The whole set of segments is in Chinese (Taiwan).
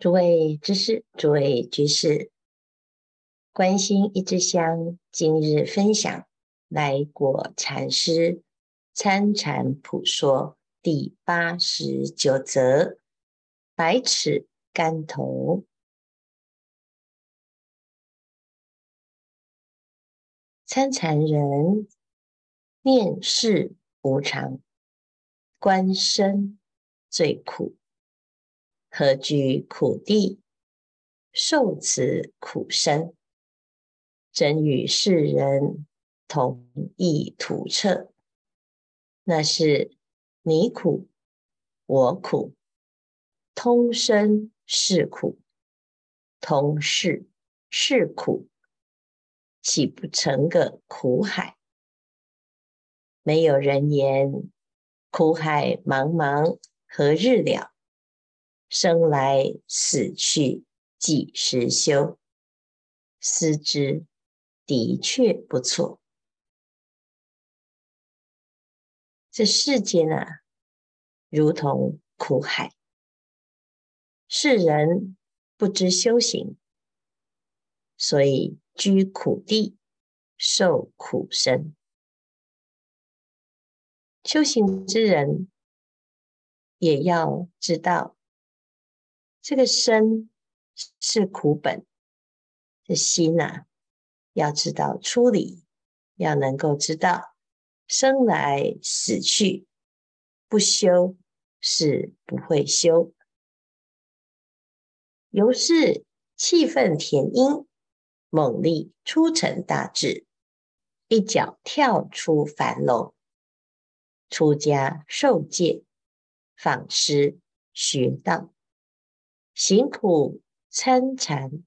諸位執事，諸位居士，觀心一支香，今日分享來果禪師參禪普說第八十九則：百尺竿頭，參禪人，念世無常，觀身最苦。何居苦地，受此苦身，真與世人同一途撤，那是你苦，我苦，通身是苦，通世是苦，豈不成個苦海？每有人言，苦海茫茫，何日了？生來死去幾時休？思之的確不錯。這世間啊，如同苦海，世人不知修行，所以居苦地，受苦身。修行之人也要知道。這個身是苦本，這心啊，要知道出離，要能夠知道生來死去不休是不會修，由是氣憤填膺，猛力出塵大志，一腳跳出樊籠，出家受戒，訪師學道，行苦參禪，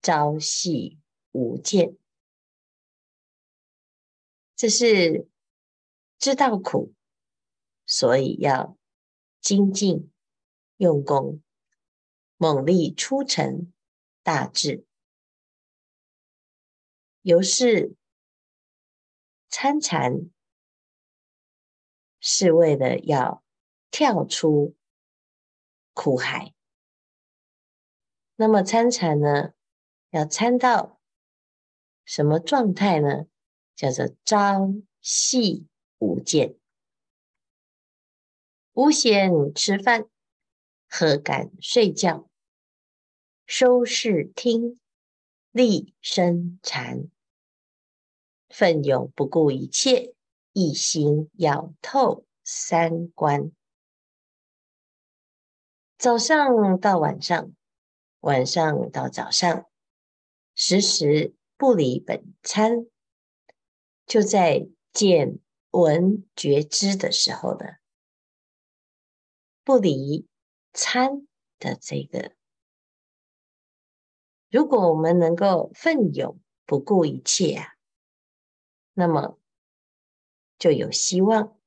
朝夕無間，這是知道苦，所以要精進用功，猛力出塵大志。由是參禪，是為了要跳出苦海。那麼參禪呢，要參到什麼狀態呢？叫做朝夕無間，無閒吃飯，何敢睡覺，收視聽，力深參，奮勇不顧一切，一心要透三關，早上到晚上。晚上到早上，時時不離本參，就在見聞覺知的時候呢，不離參的這個。如果我們能夠奮勇不顧一切啊，那麼就有希望。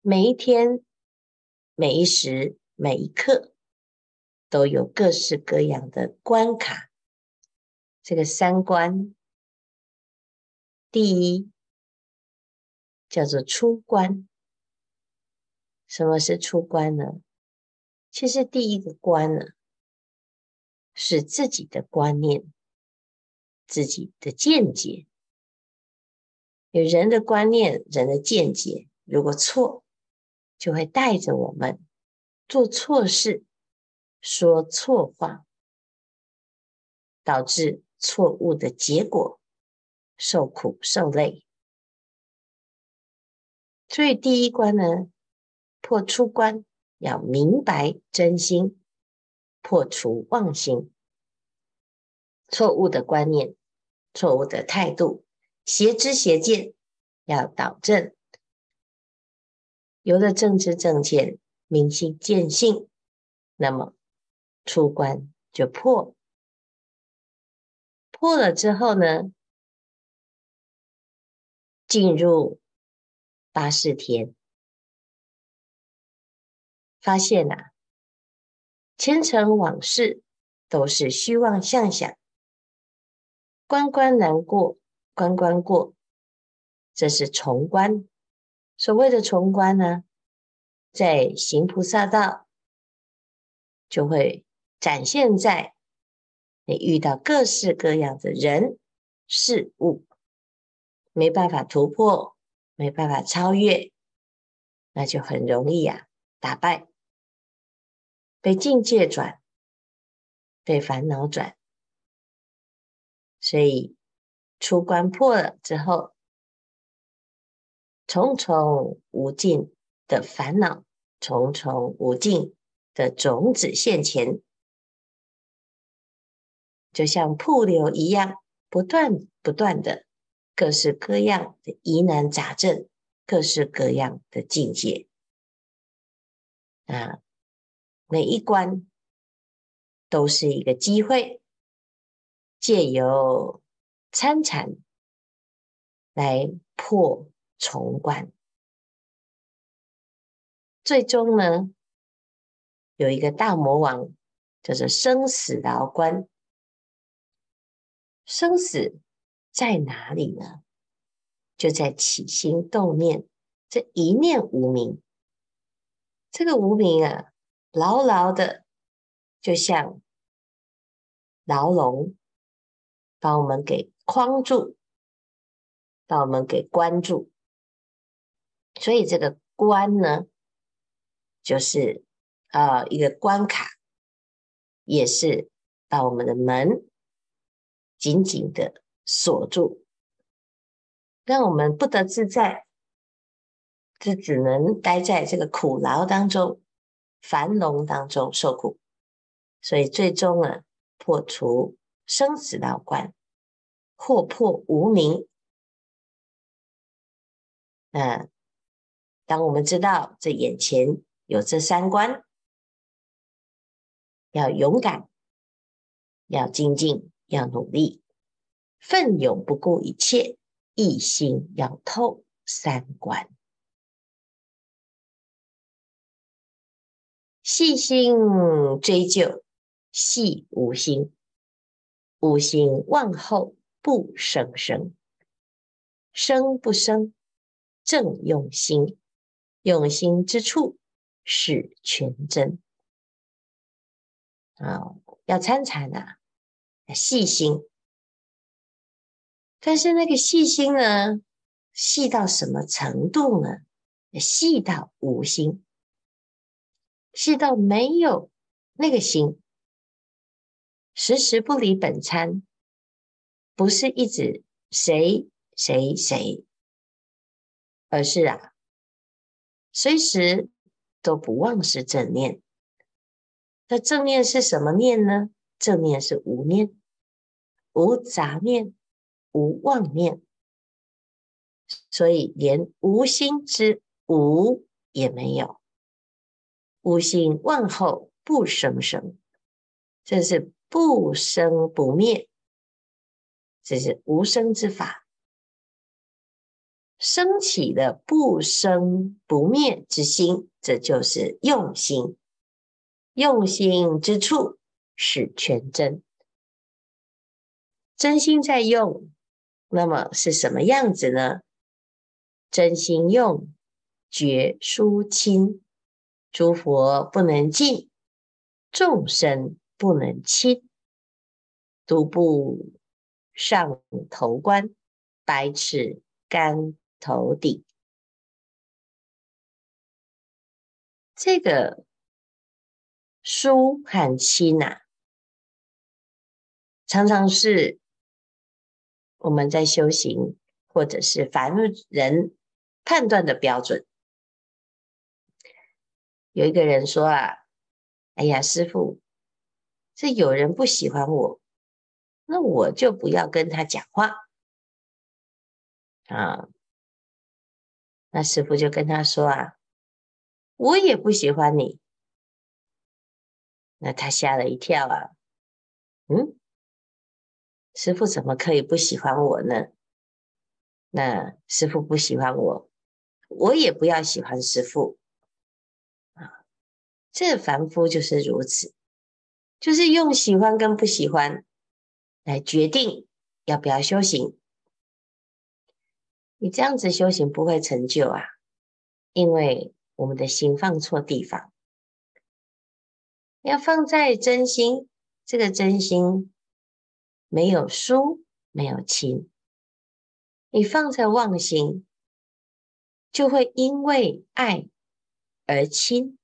每一天，每一時，每一刻。都有各式各樣的關卡，這個三關。第一叫做初關。什麼是初關呢？其實第一個關呢，是自己的觀念、自己的見解。有人的觀念、人的見解，如果錯，就會帶着我們做錯事。說錯話，導致錯誤的結果，受苦受累。所以第一關呢，破出關要明白真心，破除妄心，錯誤的觀念，錯誤的態度，邪知邪見，要導正，有了正知正見，明心見性，那麼。出關就破，破了之後呢，進入八識田，發現啊，前塵往事都是虛妄相想，關關難過，關關過，這是重關。所謂的重關呢，在行菩薩道就會。展現在你遇到各式各樣的人事物，沒辦法突破，沒辦法超越，那就很容易呀、啊，打敗，被境界轉，被煩惱轉。所以出關破了之後，重重無盡的煩惱，重重無盡的種子現前。就像瀑流一樣，不斷不斷的，各式各樣的疑難雜症，各式各樣的境界啊，每一關都是一個機會，借由參禪來破重關。最終呢，有一個大魔王，叫做生死牢關。生死在哪裡呢？就在起心動念這一念無明。這個無明啊，牢牢的就像牢籠，把我們給框住，把我們給關住。所以這個關呢，就是啊、呃、一個關卡，也是到我們的門。緊緊的鎖住，讓我們不得自在，這只能待在這個苦牢當中，樊籠當中受苦，所以最終呢，破除生死道關，破破無明。嗯，當我們知道這眼前有這三關，要勇敢，要精進。要努力，奮勇不顧一切，一心要透三關，細心追究，細無心，無心忘後不生生，生不生，正用心，用心之處是全真啊、哦！要參禪吶、啊。細心，但是那個細心呢？細到什麼程度呢？細到無心，細到沒有那個心，時時不離本參，不是一直誰誰誰，而是啊，隨時都不忘失正念。那正念是什麼念呢？正念是無念，無雜念，無妄念，所以連無心之無也沒有，無心忘後不生生，這是不生不滅，這是無生之法，生起的不生不滅之心，這就是用心，用心之處。使全真，真心在用，那麼是什麼樣子呢？真心用，絕疏親，諸佛不能近，眾生不能親，獨步上頭關，百尺竿頭頂。這個疏和親啊。常常是我們在修行或者是凡人判斷的標準。有一個人說：“啊，哎呀，師父，這有人不喜歡我，那我就不要跟他講話。”啊，那師父就跟他說：“啊，我也不喜歡你。”那他嚇了一跳啊，嗯。師父怎麼可以不喜歡我呢？那師父不喜歡我，我也不要喜歡師父啊。這凡夫就是如此，就是用喜歡跟不喜歡來決定要不要修行。你這樣子修行不會成就啊，因為我們的心放錯地方，要放在真心，這個真心。沒有疏，沒有親，你放在忘形，就會因為愛而親，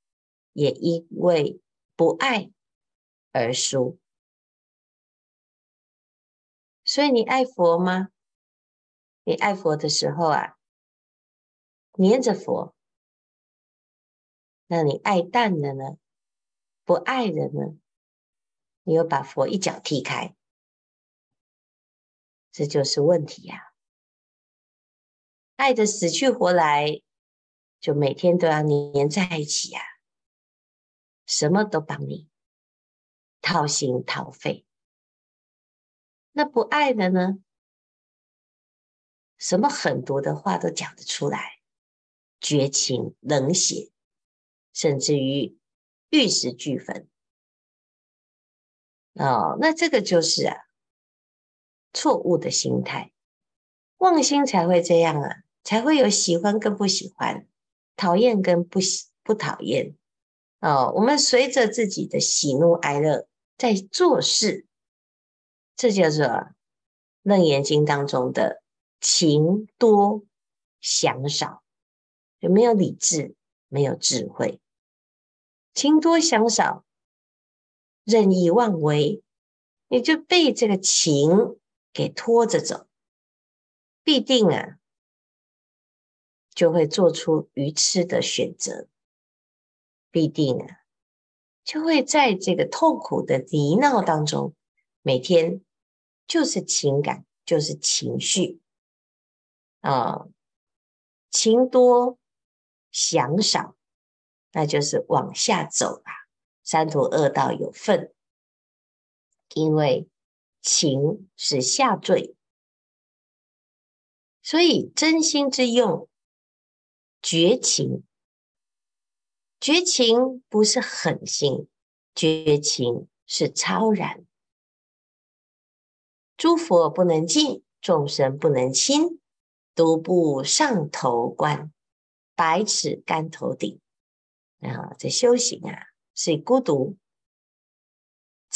也因為不愛而疏。所以你愛佛嗎？你愛佛的時候啊，黏着佛；那你愛淡了呢？不愛了呢？你又把佛一腳踢開。這就是問題呀、啊！愛的死去活來，就每天都要黏在一起呀、啊，什麼都幫你，掏心掏肺。那不愛的呢？什麼狠毒的話都講得出來，絕情冷血，甚至於玉石俱焚。哦，那這個就是啊。錯誤的心態，妄心才會這樣啊，才會有喜歡跟不喜歡，討厭跟不喜不討厭。哦，我們隨着自己的喜怒哀樂在做事，這叫做楞嚴經當中的情多想少，有沒有理智，沒有智慧，情多想少，任意妄為，你就被這個情。給拖着走，必定啊，就會做出愚痴的選擇；必定啊，就會在這個痛苦的泥淖當中，每天就是情感，就是情緒，啊、呃，情多想少，那就是往下走啦、啊。三途惡道有份，因為。情是下墜，所以真心之用，絕情。絕情不是狠心，絕情是超然。諸佛不能近，眾生不能親，獨步上頭關，百尺竿頭頂。啊，這修行啊，是孤獨。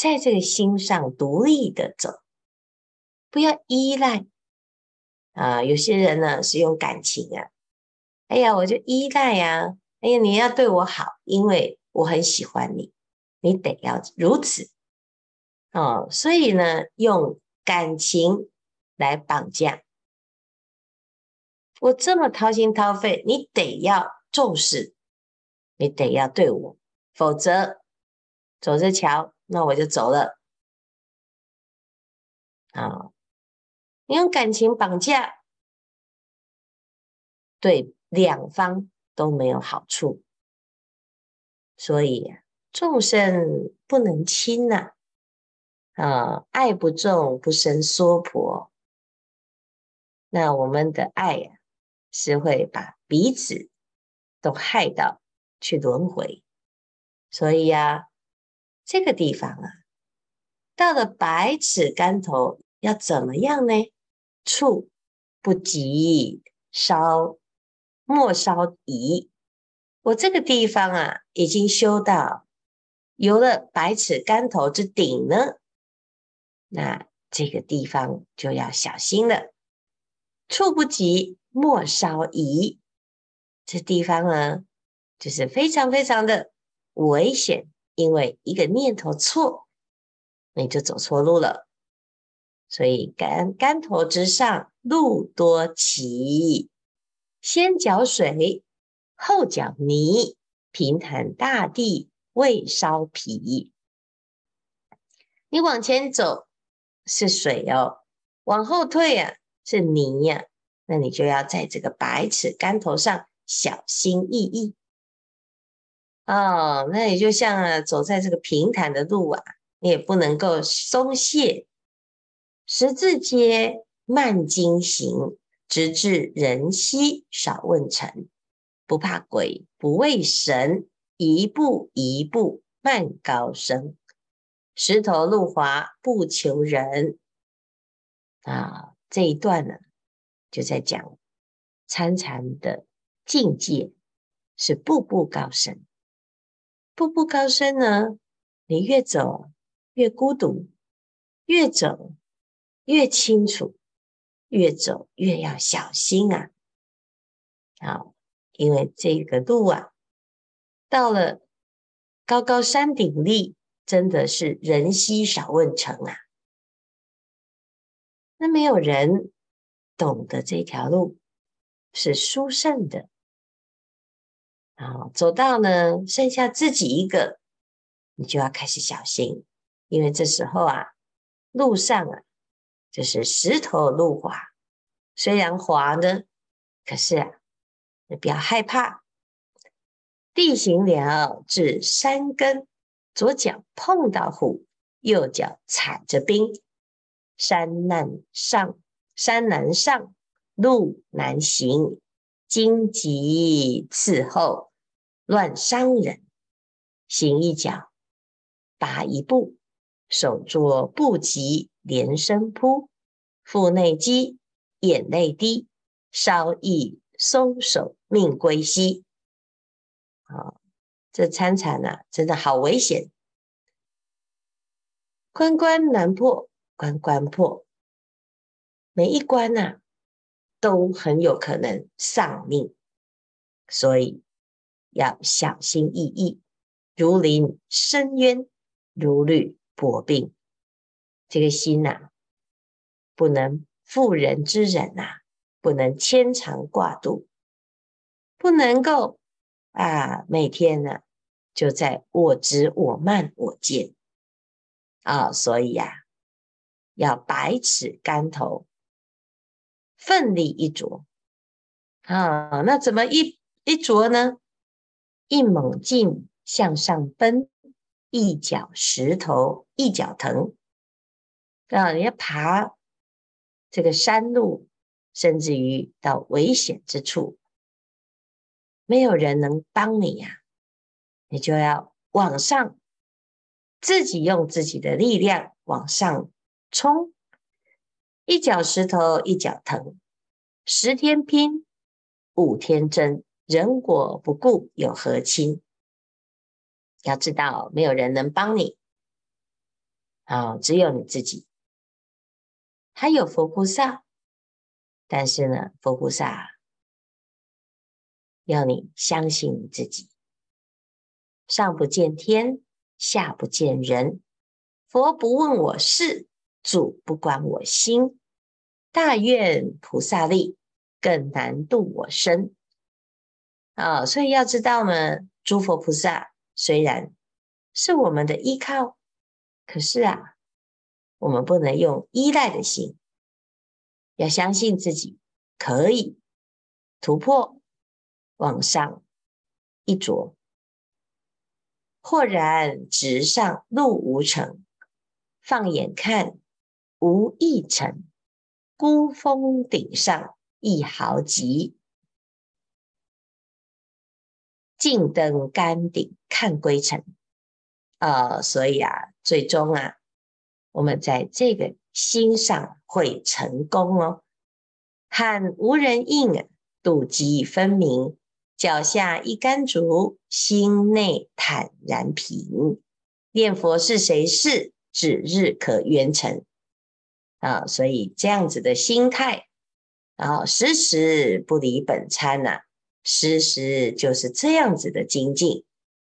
在這個心上獨立的走，不要依賴啊！有些人呢是用感情啊，哎呀，我就依賴啊，哎呀，你要對我好，因為我很喜歡你，你得要如此哦。啊，所以呢，用感情來綁架我這麼掏心掏肺，你得要重視，你得要對我，否則走着瞧。那我就走了。啊，你用感情綁架，對兩方都沒有好處，所以眾生不能親吶、啊。啊，愛不重不生娑婆。那我們的愛呀、啊，是會把彼此都害到去輪回，所以呀、啊。這個地方啊，到了百尺竿頭，要怎麼樣呢？處不及稍，莫稍莫稍疑。我這個地方啊，已經修到有了百尺竿頭之頂呢，那這個地方就要小心了。處不及，莫稍疑。這地方呢、啊，就是非常非常的危險。因為一個念頭錯，你就走錯路了。所以竿，竿竿頭之上路多歧，先腳水，後腳泥，平坦大地未稍疲。你往前走是水哦，往後退呀、啊、是泥呀、啊。那你就要在這個百尺竿頭上小心翼翼。哦，那也就像、啊、走在這個平坦的路啊，你也不能夠鬆懈。十字街慢經行，直至人稀少問程，不怕鬼，不畏神，一步一步慢高升。石頭路滑不求人啊！這一段呢，就在講參禪的境界是步步高升。步步高升呢，你越走越孤獨，越走越清楚，越走越要小心啊！好，因為這個路啊，到了高高山頂立，真的是人稀少問程啊，那沒有人懂得這條路是殊勝的。啊，走到呢，剩下自己一個，你就要開始小心，因為這時候啊，路上啊，就是石頭路滑，雖然滑呢，可是啊，你不要害怕。地行了至山根，左腳碰到虎，右腳踩着冰，山難上，山難上，路難行。荊棘茨厚，亂傷人；行一腳，拔一步，手抓不及，連身僕。腹內飢，眼淚滴，稍一鬆手，命歸西。啊、哦，這參禪吶，真的好危險！關關難破，關關破，每一關吶、啊。都很有可能喪命，所以要小心翼翼，如臨深淵，如履薄冰。這個心啊，不能婦人之仁啊，不能牽腸掛肚，不能夠啊，每天呢、啊，就在我知我慢我見，啊、哦，所以呀、啊，要百尺竿頭。奮力一啄，啊，那怎麼一一啄呢？一猛勁向上奔，一腳石頭，一腳藤。啊，你要爬這個山路，甚至於到危險之處，沒有人能幫你呀、啊，你就要往上，自己用自己的力量往上衝。一腳石頭一腳藤，十天拼，五天征，人果不顧有何親？要知道，沒有人能幫你、哦，只有你自己。還有佛菩薩，但是呢，佛菩薩要你相信你自己。上不見天，下不見人，佛不問我事。主不管我心，大願菩薩力更難度我身。啊、哦，所以要知道呢，諸佛菩薩雖然是我們的依靠，可是啊，我們不能用依賴的心，要相信自己可以突破往上一着，豁然直上路無程，放眼看。無一塵，孤峰頂上一毫極，竟登竿頂看歸程。呃、哦，所以啊，最終啊，我們在這個心上會成功哦。喊無人應，睹及分明，腳下一竿竹，心內坦然平。念佛是誰事？指日可圓成。啊，所以這樣子的心態，然、啊、後時時不離本參吶、啊，時時就是這樣子的精進。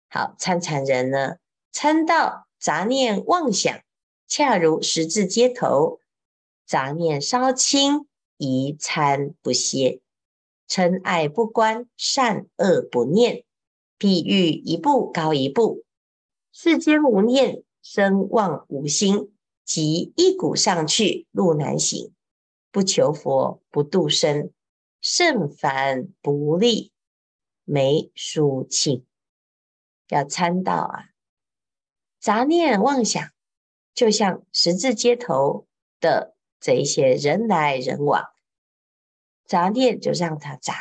好，參禪人呢，參到雜念妄想，恰如十字街頭，雜念稍清，宜參不歇，瞋愛不關，善惡不念，譬喻一步高一步，世間無念，身妄無心。即一鼓上去，路難行。不求佛，不度生，聖凡不立，沒疏親。要參道啊！雜念妄想，就像十字街頭的這些人來人往，雜念就讓它雜，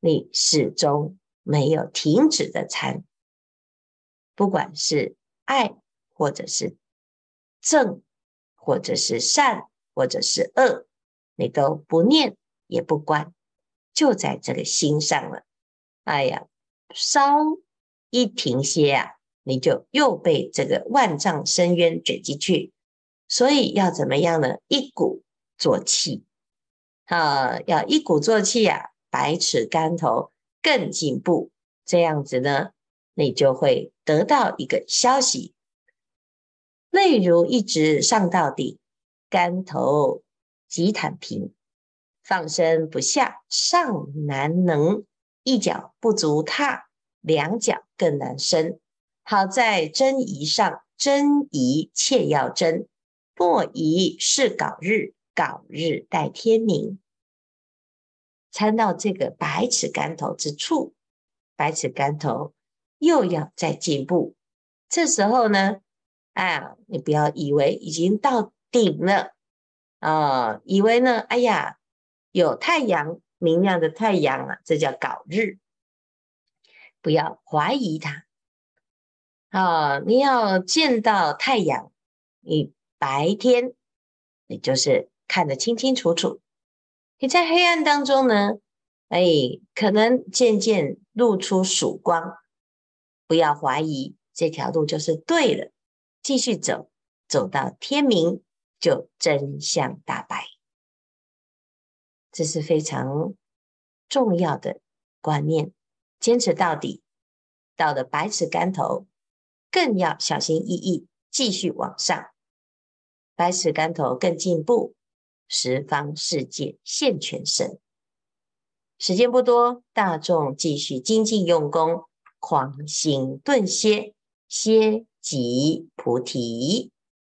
你始終沒有停止的參，不管是愛或者是。正，或者是善，或者是惡，你都不念也不觀，就在這個心上了。哎呀，稍一停歇啊，你就又被這個萬丈深淵捲進去。所以要怎麼樣呢？一鼓作氣啊、呃，要一鼓作氣啊，百尺竿頭更進步，這樣子呢，你就會得到一個消息。類如一直上到底，竿頭極坦平，放身不下上難能，一腳不足踏，兩腳更難伸，好在真疑上，真疑切要真，莫疑是杲日，杲日待天明。參到這個百尺竿頭之處，百尺竿頭又要再進步。這時候呢？哎呀，你不要以為已經到頂了，呃，以為呢，哎呀，有太陽明亮的太陽了，啊，這叫杲日。不要懷疑它，啊，呃，你要見到太陽，你白天你就是看得清清楚楚。你在黑暗當中呢，哎，可能漸漸露出曙光。不要懷疑這條路就是對的。繼續走，走到天明，就真相大白。這是非常重要的觀念，堅持到底，到了百尺竿頭，更要小心翼翼，繼續往上。百尺竿頭更進步，十方世界現全身。時間不多，大眾繼續精進用功，狂行頓歇歇。即菩提。